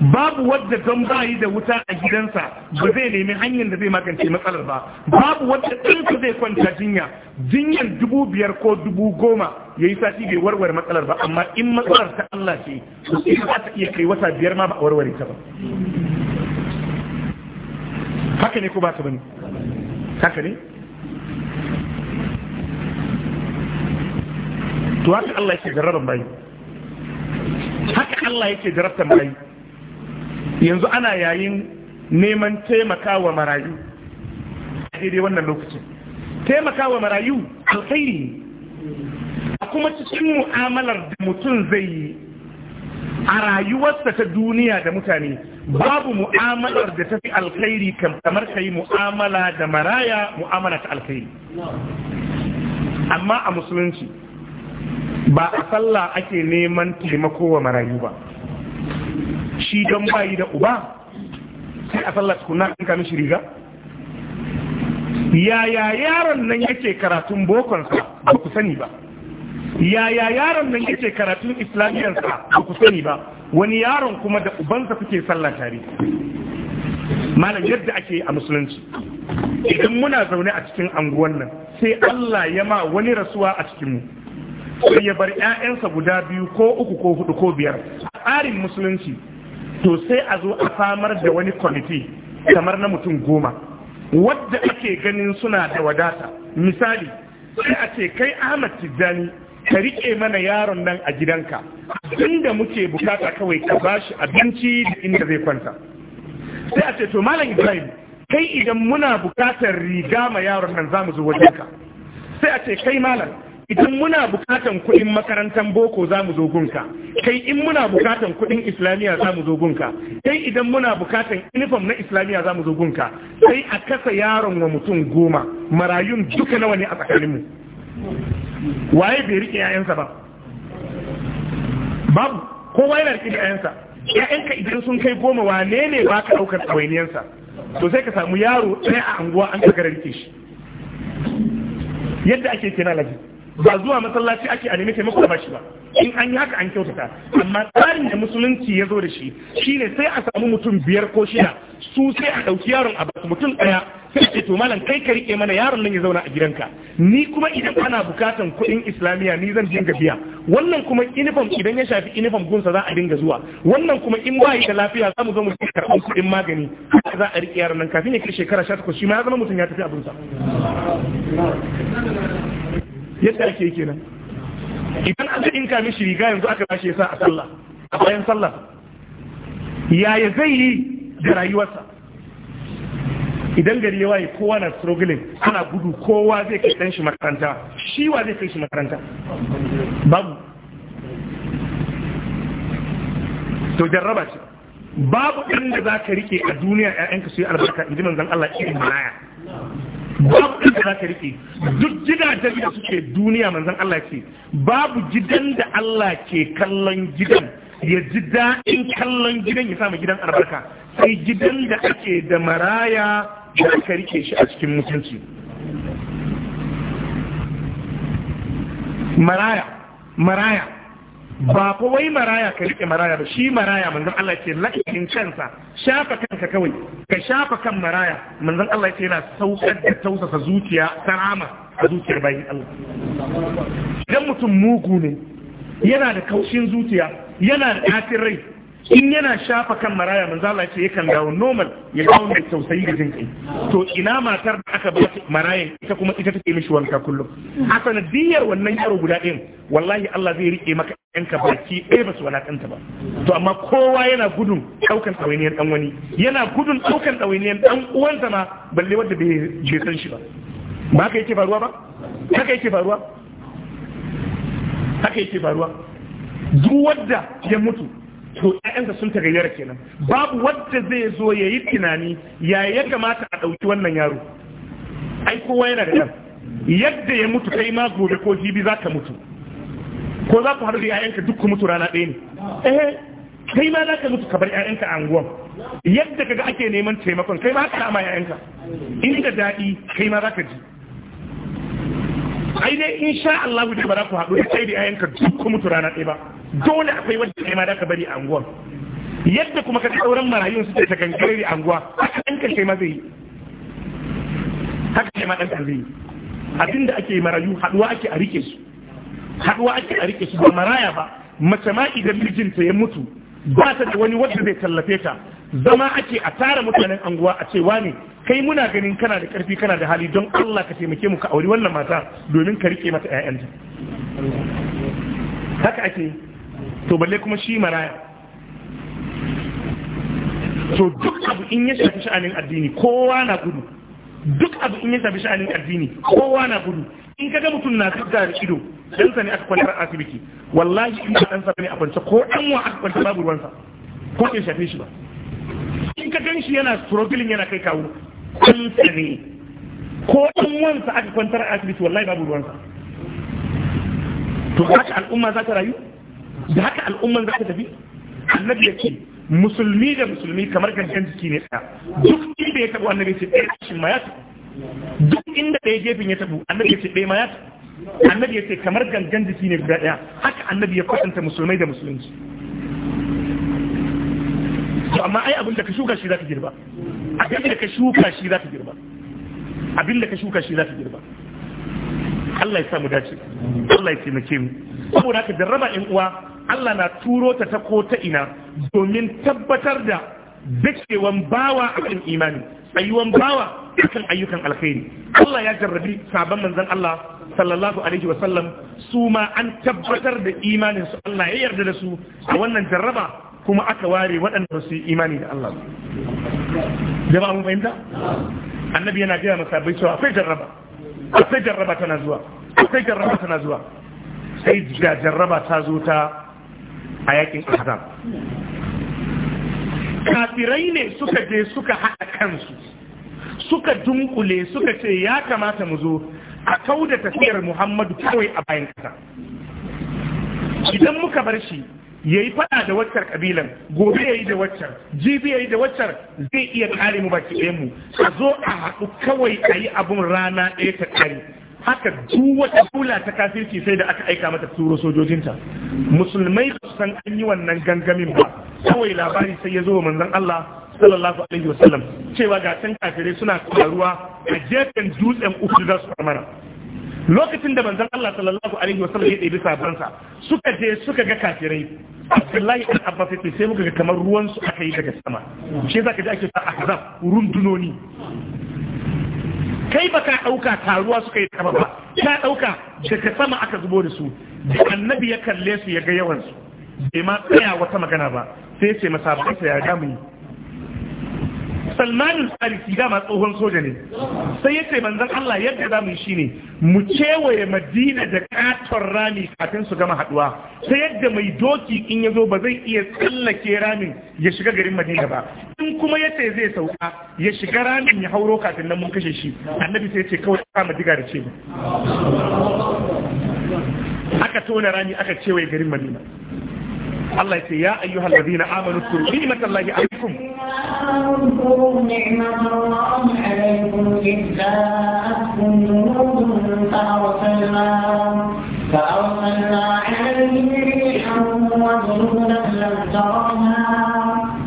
babu wadda don bayi da wuta a gidansa ba zai nemi hanyar da zai magance matsalar ba babu wadda ɗansa zai kwanta jinya jinyar dubu biyar ko dubu goma ya yi sati bai warware matsalar ba amma in matsalar ta Allah ce su sai za ta iya kai wata biyar ma ba a warware ta ba haka ne ko ba ta bane haka ne to haka Allah yake jarraban bayi haka Allah yake jarrabtan bayi yanzu ana yayin neman taimakawa marayu a daidai wannan lokacin taimakawa marayu alkhairi a kuma cikin mu'amalar da mutum zai yi a rayuwarsa ta duniya da mutane babu mu'amalar da ta fi alkhairi kamar ka yi mu'amala da maraya mu'amala ta alkhairi amma a musulunci ba a sallah ake neman taimako wa marayu ba shi don bayi da uba sai a sallar tukuna in ka mishi riga yaya yaron nan yake karatun bokonsa ba ku sani ba yaya yaron nan yake karatun islamiyarsa ba ku sani ba wani yaron kuma da ubansa kuke sallar tare malam yadda ake a musulunci idan muna zaune a cikin anguwan nan sai Allah ya ma wani rasuwa a cikin mu sai ya bar 'ya'yansa guda biyu ko uku ko hudu ko biyar a tsarin musulunci to sai a zo a samar da wani kwamiti kamar na mutum goma wadda ake ganin suna da wadata misali sai a ce kai ahmad tijjani ka riƙe mana yaron nan a gidanka inda muke bukata kawai ka bashi abinci da inda zai kwanta sai a ce to malam ibrahim kai idan muna bukatar riga ma yaron nan za mu zo wajenka sai a ce kai malam idan muna bukatan kuɗin makarantar boko za mu zo kai in muna bukatan kuɗin islamiyya za mu zo kai idan muna bukatan uniform na islamiyya za mu zo gunka sai a kasa yaron wa mutum goma marayun duka nawa ne a tsakaninmu waye bai riƙe 'ya'yansa ba babu kowa yana riƙe 'ya'yansa 'ya'yanka idan sun kai goma wane ne ba ka ɗaukar tsawainiyansa? to sai ka samu yaro ɗaya a anguwa an kagara rike shi yadda ake kenan lagi ba zuwa masallaci ake a nemi taimako ba shi ba in an yi haka an kyautata amma tsarin da musulunci ya zo da shi shine sai a samu mutum biyar ko shida su sai a ɗauki yaron a basu mutum ɗaya sai ce to malam kai ka riƙe mana yaron nan ya zauna a gidanka ni kuma idan ana bukatan kuɗin islamiyya ni zan dinga biya wannan kuma inifom idan ya shafi inifom gunsa za a dinga zuwa wannan kuma in ba da lafiya za mu zo mu karɓar kuɗin magani haka za a rike yaron nan kafin ya kai shekara sha takwas shi ma ya zama mutum ya tafi abinsa yadda ake kenan idan an ga inka mishi riga yanzu aka bashi ya sa a sallah a bayan sallah yaya zai yi da rayuwarsa idan gari ya waye kowa na struggling ana gudu kowa zai kai dan shi makaranta shi wa zai kai shi makaranta babu to jarraba ce babu inda da za ka rike a duniya ‘ya'yanka su yi albarka in ji Allah irin maya babu da za ka rike duk gidajen da suke duniya manzan Allah ce babu gidan da Allah ke kallon gidan ya ji daɗin kallon gidan ya samu gidan albarka sai gidan da ake da maraya da aka rike shi a cikin mutunci maraya maraya ba fa wai maraya ka rike maraya ba shi maraya manzon Allah ce la'in kansa shafa kanka kawai ka shafa kan maraya manzon Allah ce yana saukar da tausasa zuciya sarama a zuciyar bayin Allah idan mutum mugu ne yana da kaushin zuciya yana da ɗatin rai in yana shafa kan maraya manzo Allah ce yakan dawo normal ya dawo mai tausayi da jin to ina matar da aka ba marayan ita kuma ita take mishi wanka kullum a diyar wannan yaro guda ɗin wallahi Allah zai rike maka yanka baki ɗaya ba su walakanta ba to amma kowa yana gudun ɗaukan ɗawainiyar ɗan wani yana gudun ɗaukan ɗawainiyar ɗan uwansa ma balle wanda bai san shi ba ba haka yake faruwa ba haka yake faruwa haka yake faruwa duk wanda ya mutu to ƴaƴansa sun gayyara kenan babu wanda zai zo ya yi tunani ya ya kamata a ɗauki wannan yaro ai kowa yana da ɗan yadda ya mutu kai ma gobe ko jibi za ka mutu ko za ku haɗu da ƴaƴanka duk ku mutu rana ɗaya ne eh kai ma za ka mutu ka bar ƴaƴanka a anguwan yadda kaga ake neman taimakon kai ma haka ma ƴaƴanka inda daɗi kai ma za ka ji ai dai insha Allah da ba za ku haɗu da kai da ƴaƴanka duk ku mutu rana ɗaya ba dole akwai wanda kai ma da ka bari a anguwan yadda kuma ka sauran marayun su ta kankare a anguwa haka ɗan kai ma zai yi haka kai ma ɗan zai yi abinda ake marayu haɗuwa ake a rike su haɗuwa ake a rike su ba maraya ba mace ma idan mijinta ya mutu ba ta da wani wanda zai tallafe ta zama ake a tara mutanen anguwa a cewa ne kai muna ganin kana da karfi kana da hali don Allah ka taimake mu ka auri wannan mata domin ka rike mata ƴaƴanta haka ake to balle kuma shi maraya to duk abu in ya shafi sha'anin addini kowa na gudu duk abu in ya shafi sha'anin addini kowa na gudu in ka ga mutum na gaggawa da ido dan ne aka kwantar asibiti wallahi in ba dan sa ne a kwance ko dan wa aka kwanta babu ruwansa ko bai shafe shi ba in ka gan shi yana struggling yana kai kawo dan sa ko dan wansa aka kwantar asibiti wallahi babu ruwansa to haka al'umma za ta rayu da haka al'umman za ta tafi annabi ya ce musulmi da musulmi kamar gangan jiki ne ɗaya. duk inda ya tabu annabi ce ɗaya eh, shi ma ya tabu duk inda ɗaya gefen ya tabu annabi ya ce ɗaya eh, ma ya tabu annabi ya ce kamar gangan jiki ne guda ɗaya haka annabi ya kwatanta musulmai da musulunci to amma ai abin da ka shuka shi za ka girba abin da ka shuka shi za ka girba abin da ka shuka shi za ka girba Allah ya samu dace Allah ya taimake mu saboda haka jarraba ɗan uwa Allah na turo ta ta ko ta ina domin tabbatar da dakewan bawa akan imani tsayuwan bawa akan ayyukan alkhairi Allah ya jarrabi sabon manzon Allah sallallahu alaihi wa sallam su ma an tabbatar da imanin su Allah ya yarda da su a wannan jarraba kuma aka ware waɗanda su yi imani da Allah jama'a mun fahimta annabi yana gaya masa bai cewa akwai jarraba akwai jarraba tana zuwa akwai jarraba tana zuwa sai ga jarraba ta zo ta a yakin azab kafirai ne suka je suka haɗa kansu suka dunkule suka ce ya kamata mu zo a kau da tafiyar muhammadu kawai a bayan kasa idan muka bar shi ya yi fada da waccar kabilan gobe ya yi da waccar jibi ya yi da waccar zai iya kare mu baki ɗaya mu a zo a haɗu kawai a yi abun rana ɗaya ta kare haka duk wata kula ta kafirci sai da aka aika mata turo sojojinta musulmai ba san an yi wannan gangamin ba kawai labari sai ya zo wa manzon Allah sallallahu alaihi wasallam cewa ga can kafirai suna karuwa a jefen dutsen uku da su mana lokacin da manzon Allah sallallahu alaihi wasallam ya ɗebi sabansa suka je suka ga kafirai Abdullahi ibn Abbas yace sai muka ga kamar ruwan su aka yi daga sama shi zaka ji ake sa ahzab rundunoni kai baka dauka taruwa suka yi sama ba ka dauka daga sama aka zubo da su da annabi ya kalle su ya ga yawansu bai ma tsaya wata magana ba sai ce masabansa ya ga mu salmanin tsariki dama tsohon soja ne sai ya ce manzan Allah yadda za mu shi ne mu cewaye madina da katon rami kafin su gama haduwa sai yadda mai doki in ya zo ba zai iya tsallake ramin ya shiga garin madina ba in kuma ya zai sauka ya shiga ramin ya hauro kafin nan mun kashe shi annabi sai ya ce kawai kama diga da ce aka tona rami aka cewa garin madina Allah ya ce ya ayyuhal ladina amanu kuru ni'matallahi alaikum اذكروا نعمة الله عليكم إذ جاءتكم جنود فأرسلنا فأرسلنا عليهم ريحا وجنودا لم ترها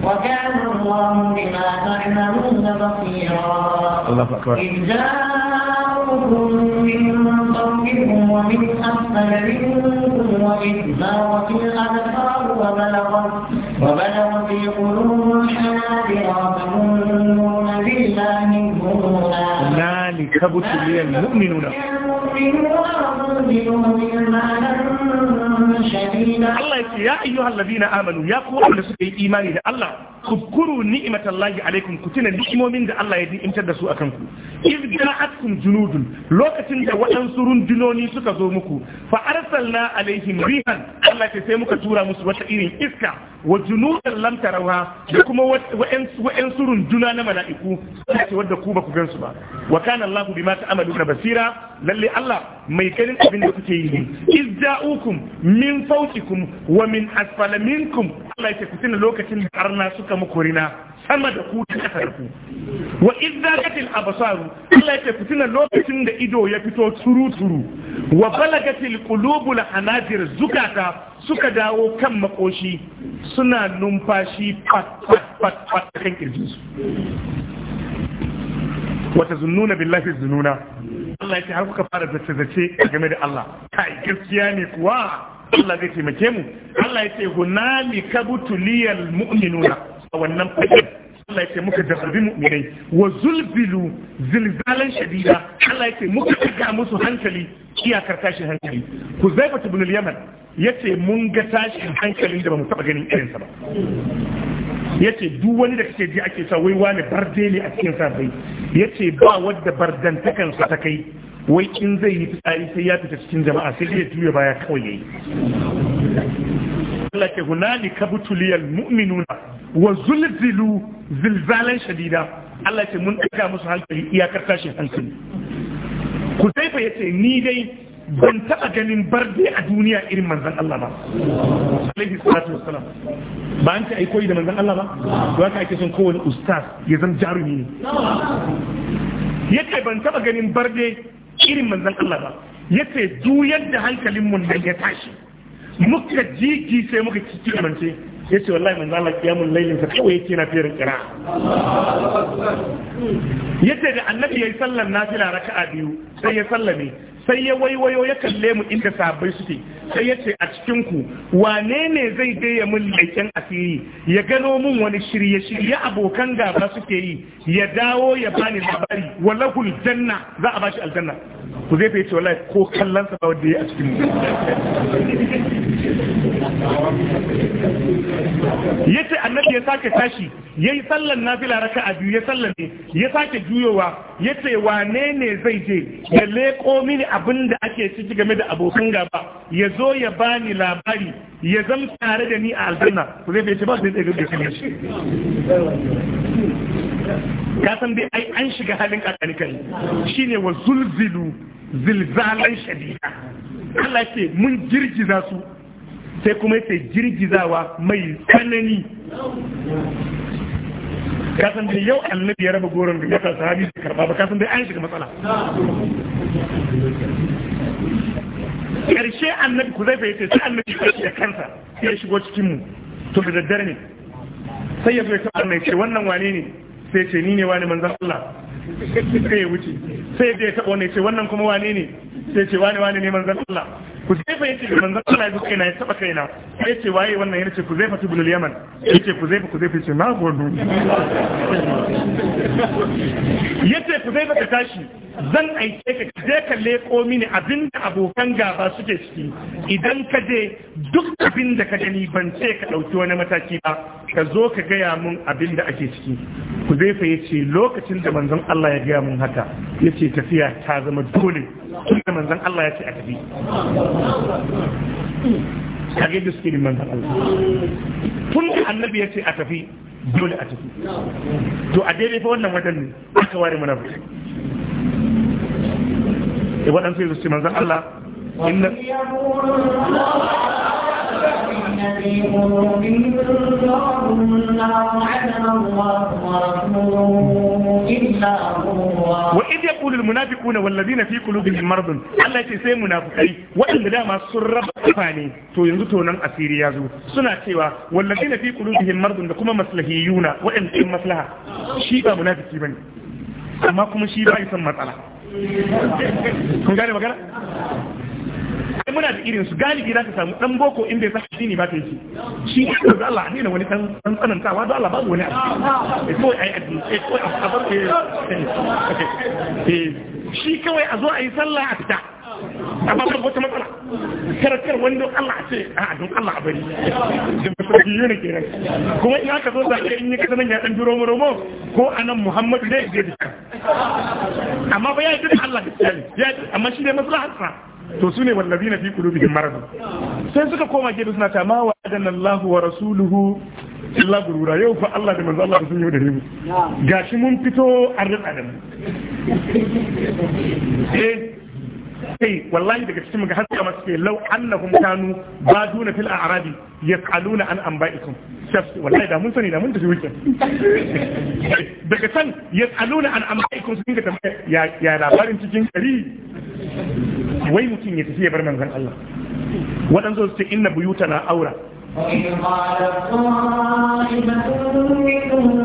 وكان الله بما تعملون بصيرا الله أكبر إذ جاءوكم من قومكم ومن أسفل منكم وإذ زاغت الأبصار وبلغت وبلغت القلوب الحناجر وتظنون بالله الظنونا ذلك ابتلي المؤمنون Allah ya ce ya ayyuhal ladina amanu ya ku wanda suka yi imani da kuzkuru ni'imatallahi alaikum ku tuna ni'imomin da Allah ya ni'imtar da su akan ku iz ja'atkum junudun lokacin da waɗansu rundunoni suka zo muku fa arsalna alaihim rihan Allah ya sai muka tura musu wata irin iska wa junudan lam da kuma waɗansu waɗansu runduna na mala'iku sai wadda ku ba ku gan su ba wa kana Allah bima ta'maluna basira lalle Allah mai ganin abin da kuke yi ne iz min fawqikum wa min asfala minkum Allah ya ku tuna lokacin da arna suka maka muku rina sama da ku ta kasar ku wa izzagatil absaru Allah yake fitina lokacin da ido ya fito turu turu wa balagatil qulubul hanajir zukata suka dawo kan makoshi suna numfashi pat pat pat pat kan kirjin su wa tazunnuna billahi zununa Allah yake har kuka fara zace zace game da Allah kai gaskiya ne kuwa Allah zai taimake mu Allah yake hunalika butuliyal mu'minuna a wannan fagen Allah ya ce muka jarrabi mu'minai wa zulbilu zilzalan shadida Allah ya muka ga musu hankali iyakar tashin hankali ku zai fata bin yaman yace mun ga tashin hankali da bamu taba ganin irinsa ba yace duk wani da kake ji ake sa wai wani barde ne a cikin sa bai yace ba wadda bardantakan sa ta kai wai in zai yi fitsari sai ya fita cikin jama'a sai ya juya baya kawai yayi Allah ke hunalika butuliyal mu'minuna wa zulzilu zilzalan shadida Allah ce mun ɗaga musu hankali iyakar tashin hankali ku saifa ya ce ni dai ban taɓa ganin barde a duniya irin manzan Allah ba alaihi salatu wassalam ba an ta aiko da manzan Allah ba to haka ake son kowane ustaz ya zama jarumi ne yace ban taɓa ganin barde irin manzan Allah ba yace duk yadda hankalin mun da ya tashi muka jiki sai muka kiki amince ya ce wallahi manzo Allah kiyamun lailin sa kawai yake na firin kira yace da annabi yayi sallar nafila raka'a biyu sai ya sallame sai ya waiwayo ya kalle mu inda sabai suke sai ya ce a cikin ku wane ne zai gaya mun leƙen asiri ya gano mun wani shirye shirye abokan gaba suke yi ya dawo ya bani labari walahul janna za a bashi aljanna ku zai fiye ce wallahi ko kallon sa wadda ya a cikin mu yace annabi ya sake tashi yayi sallan nafila raka'a biyu ya sallan ne ya sake juyowa yace wane ne zai je ya leƙo mini abin da ake ciki game da abokan gaba ya zo ya bani labari ya zama tare da ni a aljanna ku zai fiye ce ba zai tsaye da shi Kasan san dai ai an shiga halin kakani kai shine wa zulzilu zilzalan shadida Allah ce mun girgiza su sai kuma yace girgizawa mai tsanani Kasan san dai yau annabi ya raba goron da yasa sahabi da karba ba Kasan san dai an shiga matsala karshe annabi ku zai fahimta sai annabi ya kansa sai ya shigo cikin mu to da daddare ne sai ya zo ya mai ce wannan wane ne sai ce ni ne wani manzan Allah sai ya wuce sai ya taɓa wani ce wannan kuma wane ne sai ce wani wani ne manzan Allah ku zai fahimci da manzan Allah ya kaina ya taba kaina ya ce waye wannan ya ce ku zai fati bulul yaman ya ce ku zai ku zai ce na gonu ya ce ku zai fata tashi zan aike ka je ka leko mini abinda abokan gaba suke ciki idan ka je duk abinda ka gani ban ce ka ɗauki wani mataki ba ka zo ka gaya mun abinda ake ciki ku zai fa yace lokacin da manzon Allah ya gaya mun haka yace tafiya ta zama dole tunda manzan Allah ya ce a tafi kage da suke manzon Allah tun da annabi ya ce a tafi dole a tafi to a daidai fa wannan watan ne aka ware mana ba eh waɗansu yanzu ce manzan Allah inna في قلوبهم مرض عدم الله ورسوله إلا وإذ يقول المنافقون والذين في قلوبهم مرض الله يتسي منافقين وإن لا ما سرب أفاني تو ينزو أسيري يازو سنة سوا والذين في قلوبهم مرض لكما مسلحيون وإن إن مسلحة شيبا منافقين بني أما كما شيبا يسمى مسألة kun gane magana sai muna da irin su galibi za ka samu dan boko inda ya sa ne ba ta yi shi ne da Allah ne wani san dan tsanantawa da Allah babu wani eh, addini eh, ko ai addini ko a bar ke eh, shi kawai a zo a yi sallah a fita a ba wata matsala karakar wani don Allah a ce a don Allah a bari da masu biyu ne kenan kuma in aka zo zaɓe in yi kasa nan ya ɗan biro romo ko anan Muhammadu ne zai da amma ba ya yi Allah ya tsari amma shi ne matsala hasa to su ne wallazi na fi qulubihim marad sai suka koma gidan suna ta ma wa'adana Allahu wa rasuluhu illa gurura yau fa Allah da manzo Allah sun yi da ribu gashi mun fito a rika da mu sai eh, wallahi daga cikin muka haska masu ke lau annahum kanu baduna fil a'rabi yas'aluna an anba'ikum shaf wallahi da mun sani da mun tafi wuce daga can yas'aluna an anba'ikum sun ga tambaya ya labarin cikin gari wai mutum ya tafi ya bar manzon Allah waɗansu su ce inna buyuta na aura وإذ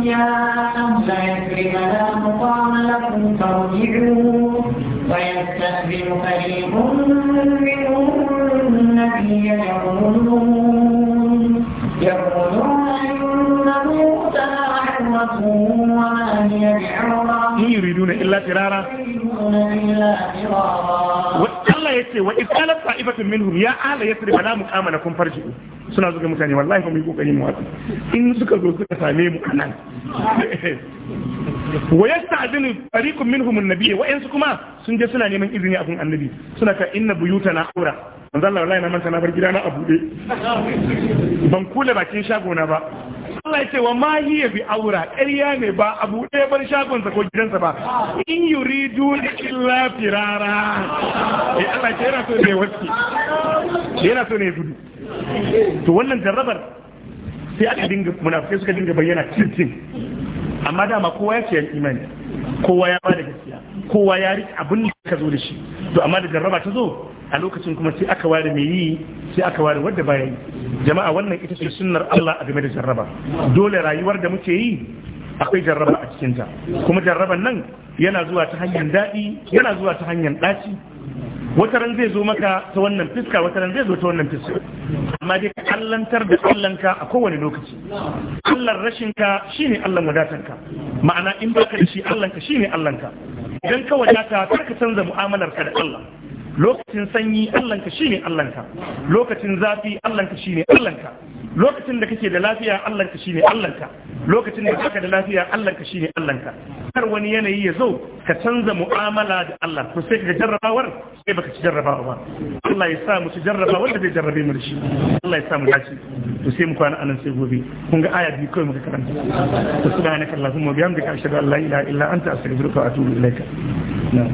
يا أهل يثرب مقام لكم فارجعوا ويستأذن فريق منهم النبي يقولون يقولون Mun in yuriduna illa tirara Allah ya ce wa isalar ta'ifatun minhum ya ala ya sirba na mukama na kun farji suna zuga mutane wallahi ba mu yi kokari mu wasu in suka zo suka same mu anan wa yasta'dinu fariqun minhum an-nabiy wa yansu kuma sun je suna neman izini a kun annabi suna ka inna na aura manzo Allah wallahi na manta na bar gidana a buɗe. ban kula bakin shagona ba Allah ya ce wa ma hiya bi aura ƙarya ne ba abu buɗe bar shagonsa ko gidansa ba in da illa firara eh Allah ce yana so ne waski yana so ne gudu to wannan jarrabar sai aka dinga munafikai suka dinga bayyana cincin amma dama kowa ya ce imani kowa ya ba da gaskiya kowa ya riƙe abin da ka zo da shi to amma da jarraba ta zo a lokacin kuma sai aka ware mai yi sai aka ware wadda baya yi jama'a wannan ita ce sunnar Allah a game da jarraba dole rayuwar da muke yi akwai jarraba a cikinta kuma jarraban nan yana zuwa ta hanyar daɗi yana zuwa ta hanyar ɗaci wata ran zai zo maka ta wannan fiska wata ran zai zo ta wannan fiska amma dai ka allantar da allanka a kowane lokaci allan rashinka shine allan wadatanka ma'ana in baka da shi allanka shine allanka idan ka wadata kar ka canza ka da Allah lokacin sanyi allanka shine allanka. lokacin zafi allanka shine allanka. lokacin da kake da lafiya allanka shine allanka. lokacin da baka da lafiya allanka shine allanka. Har wani yanayi ya zo ka canza mu'amala da Allah ko sai ka jarrabawar sai baka ci jarrabawa ba Allah ya sa mu ci jarrabawar da zai jarrabe mu da shi Allah ya sa mu dace to sai mu kwana anan sai gobe kun ga aya biyu kawai muka karanta to subhanaka allahumma bihamdika ashhadu an la ilaha illa anta astaghfiruka wa atubu ilaika na'am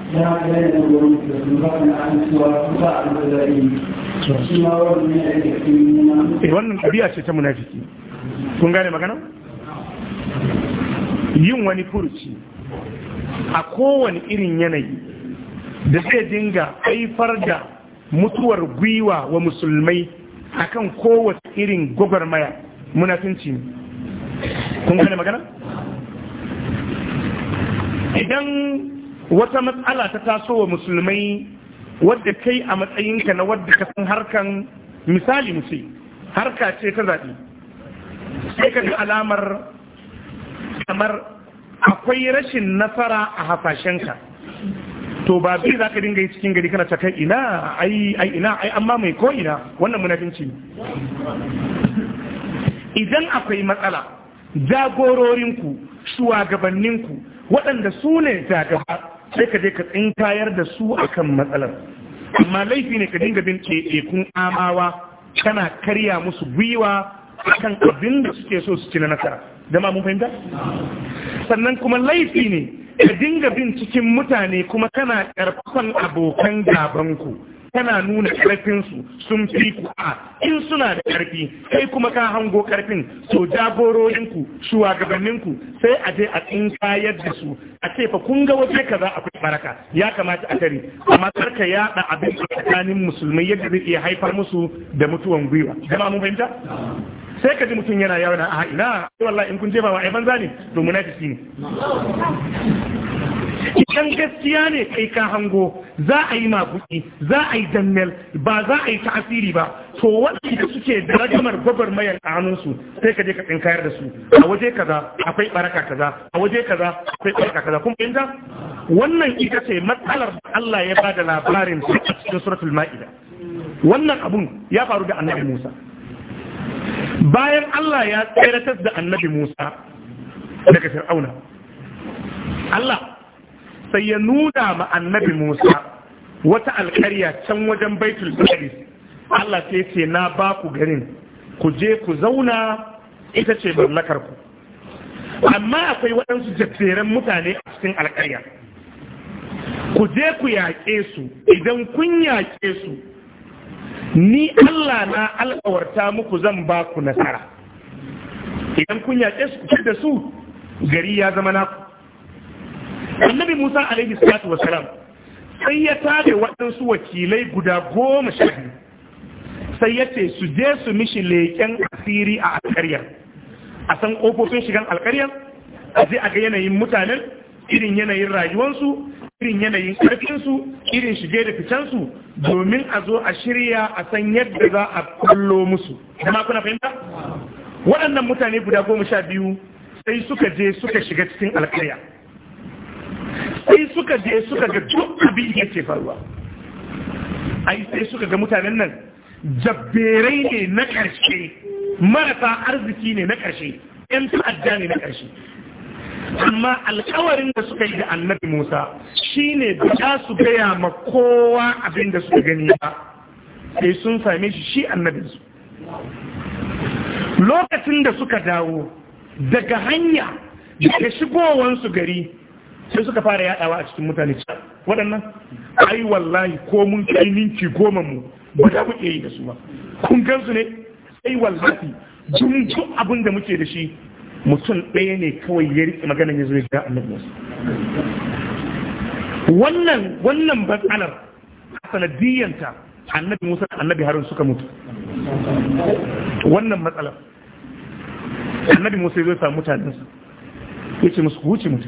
ya wani da sun ba an cewa su ba a da shi ma wani ne a yake wannan kabiya ce ta munafiki kun gane magana yin wani furuci a kowane irin yanayi da zai dinga haifar da mutuwar gwiwa wa musulmai akan kowace irin gwagwarmaya munafinci ne kun gane magana idan wata matsala ta taso wa musulmai wadda kai a matsayinka na wadda ka san harkan misali mu harka ce ta zaɓi sai ka ga alamar kamar akwai rashin nasara a hasashenka to ba bi za ka dinga yi cikin gari kana ta ina ai ina ai amma mai ko ina wannan munafinci idan akwai matsala jagororinku shugabanninku waɗanda su ne jagaba sai ka je ka tsinkayar da su akan matsalar amma laifi ne ka dinga bin tekun amawa kana karya musu gwiwa kan abin da suke so su ci na nasara dama mun fahimta sannan kuma laifi ne ka dinga bin cikin mutane kuma kana karfafan abokan gabanku tana nuna ƙarfinsu sun fi ku a in suna da ƙarfi sai kuma ka hango ƙarfin so jagororinku shugabanninku sai a je a tsinka yadda su a ce fa kun ga waje kaza akwai baraka ya kamata a tare amma ya da abin tsakanin musulmai yadda zai iya haifar musu da mutuwan gwiwa jama'a mun fahimta sai ka ji mutum yana yawon a ina wallahi in kun jefa wa ai banza ne to munafiki ne idan gaskiya ne kai ka hango za a yi maguɗi za a yi dannel ba za a yi ta'asiri ba to waɗanda suke da ragamar mayar a hannunsu sai ka je ka tsinkayar da su a waje kaza akwai baraka kaza a waje kaza akwai baraka kaza kuma yanzu wannan ita ce matsalar da Allah ya bada labarin a cikin suratul ma'ida wannan abun ya faru da annabi Musa bayan Allah ya tseratar da annabi Musa daga fir'auna Allah sai ya nuna ma annabi Musa wata alƙarya can wajen baitul maqdis Allah sai ce na ba ku garin ku je ku zauna ita ce mallakar ku amma akwai waɗansu jafferen mutane a cikin alƙarya ku je ku yaƙe su idan kun yaƙe su ni Allah na alƙawarta muku zan ba ku nasara idan kun yaƙe su da su gari ya zama naku annabi musa alaihi salatu wasalam sai ya tare waɗansu wakilai guda goma sha biyu sai ya ce su je su mishi leƙen asiri a alƙaryar a san ƙofofin shigan alƙaryar a je a ga yanayin mutanen irin yanayin rayuwansu irin yanayin ƙarfinsu irin shige da ficensu domin a zo a shirya a san yadda za a kullo musu dama kuna fahimta waɗannan mutane guda goma sha biyu sai suka je suka shiga cikin alƙarya sai suka je suka ga duk abin da yake faruwa ai sai suka ga mutanen nan jabberai ne na ƙarshe marasa arziki ne na ƙarshe yan ta'adda ne na ƙarshe amma alkawarin da suka yi da annabi musa shine ba za su gaya ma kowa abin da suka gani ba sai sun same shi shi annabinsu lokacin da suka dawo daga hanya daga shigowansu gari sai suka fara yaɗawa a cikin mutane waɗannan ai wallahi ko mun kai ninki goma mu ba za mu iya yi da su ba kun gansu ne ai wallahi jin abin da muke da shi mutum ɗaya ne kawai ya riƙe maganar ya zai ya ga annabi wannan wannan batsalar sanadiyanta annabi Musa da annabi Harun suka mutu wannan matsalar annabi Musa ya zo samu mutanensa ya ce musu wuce mutu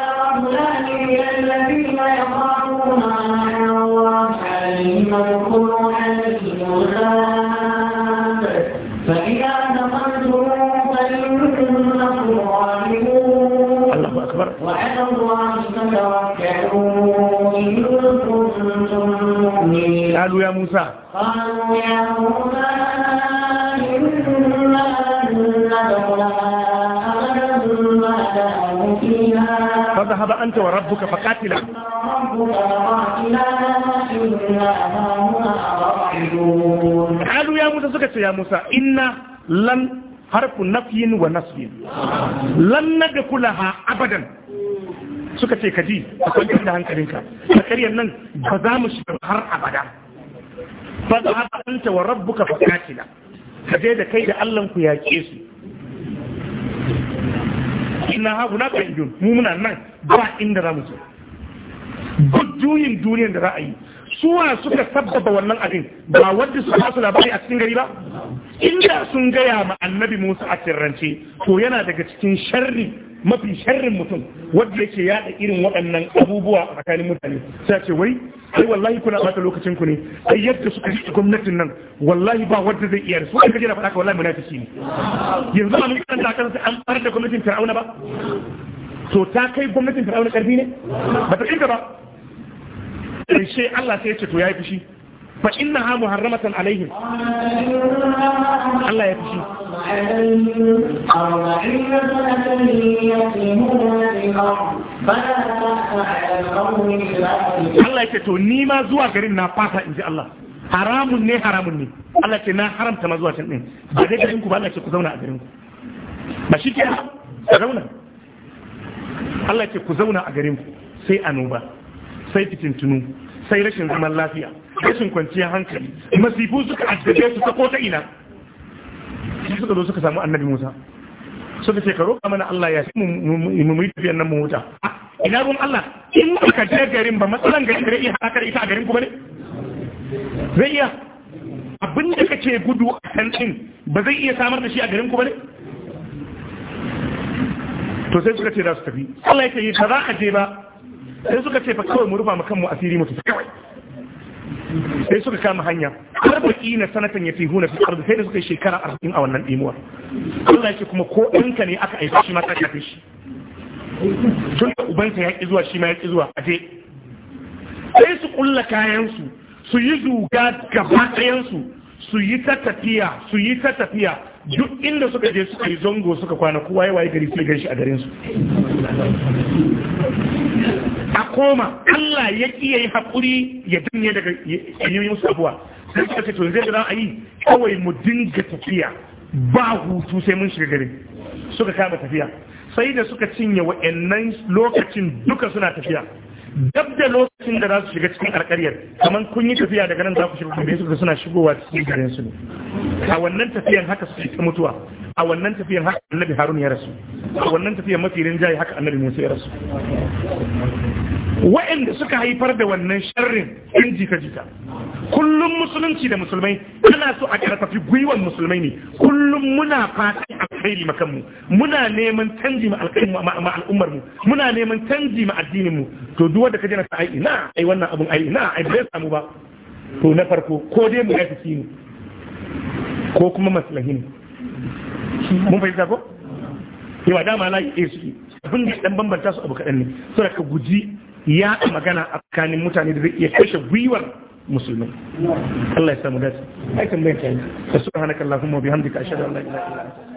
قالوا يا موسى قالوا يا موسى فذهب أنت وربك فقاتلا قالوا يا موسى سكت يا موسى إنا لن حرف نفي ونسي لن ندخلها أبدا suka ce kaji a أنت da hankalinka a أنت nan ba za أنت shiga fa wa rabbuka fakatila kaje da kai da Allah ku yaƙe su Ina ha na kanjun mu muna nan ba inda za mu je duk duniyar da za a yi suwa suka sabbaba wannan abin ba wadda su ba su labari a cikin gari ba inda sun gaya ma annabi musa a cirrance to yana daga cikin sharri mafi sharrin mutum wanda yake yada irin waɗannan abubuwa a tsakanin mutane sai ce wai ai wallahi kuna ɓata lokacin ku ne ai yadda suka yi gwamnatin nan wallahi ba wanda zai iya su an kaje da faɗa ka wallahi munafiki ne yanzu ba mun kanta kan an fara da gwamnatin Fir'auna ba to ta kai gwamnatin Fir'auna karfi ne ba ta kinka ba sai Allah sai ya ce to yayi fushi fa innaha muharramatan alaihim Allah ya fushi Allah ya ce to ni ma zuwa garin na fasa in ji Allah haramun ne haramun ne Allah ce na haramta ma zuwa can ɗin ba dai garin ku ba Allah ce ku zauna a garin ku ba shi ke ku zauna Allah ce ku zauna a garin ku sai anuba sai fitintunu sai rashin zaman lafiya rashin kwanciyar hankali masifu suka addabe su ta ko ta ina sai suka zo suka samu annabi Musa suka ce ka roƙa mana Allah ya mu mu tafiyan nan mu huta ah, ina ruwan Allah in ka je garin ba matsalan garin da iya hakar ita a garin kuma ne zai iya abin da kake gudu a kan ba zai iya samar da shi a garin kuma ne to sai suka ce za su tafi Allah ya ce ba za a je ba sai suka ce fa kawai mu rufa mu kanmu asiri mu tafi kawai sai suka kama hanya arba'in na sanatan ya huna fi ardu sai da suka yi shekara arba'in a wannan ɗimuwar. Allah yake kuma ko ɗanka ne aka aiki shi ma ka shi tun da ya ƙi zuwa shi ma ya ƙi zuwa a je sai su ƙulla kayansu su yi zuga gaba ɗayansu su yi ta tafiya su yi ta tafiya duk inda suka je suka yi zango suka kwana kowa ya waye gari sai gan shi a su a koma Allah ya ki yi haƙuri ya dinne daga yayi sabuwa sai ka ce to zai da a yi kawai mu dinga tafiya ba hutu sai mun shiga gari suka kama tafiya sai da suka cinye wa'annan lokacin duka suna tafiya dab da lokacin da za su shiga cikin alƙaryar kamar kun yi tafiya daga nan za ku shiga kuma suka suna shigowa cikin garin su ne a wannan tafiyan haka suke ta mutuwa a wannan tafiyan haka annabi harun ya rasu a wannan tafiyan mafi rinjaye haka annabi musa ya rasu wa'anda suka haifar da wannan sharrin in jika-jika kullum musulunci da musulmai ana so a karfafi gwiwan musulmai ne kullum muna fatan alkhairi makanmu muna neman canji ma al'ummar mu muna neman canji ma addinin mu to duk wanda ka jira ka ai na ai wannan abun ai na ai bai samu ba to na farko ko dai mu gafi ne ko kuma maslahi ne mun fahimta ko yawa dama na yi su abin da dan bambanta su abu kaɗan ne saboda ka guji ya magana a tsakanin mutane da zai iya kashe gwiwar musulmi Allah ya samu dace ai tambayar ta yi subhanakallahumma wa bihamdika ashhadu an la ilaha illa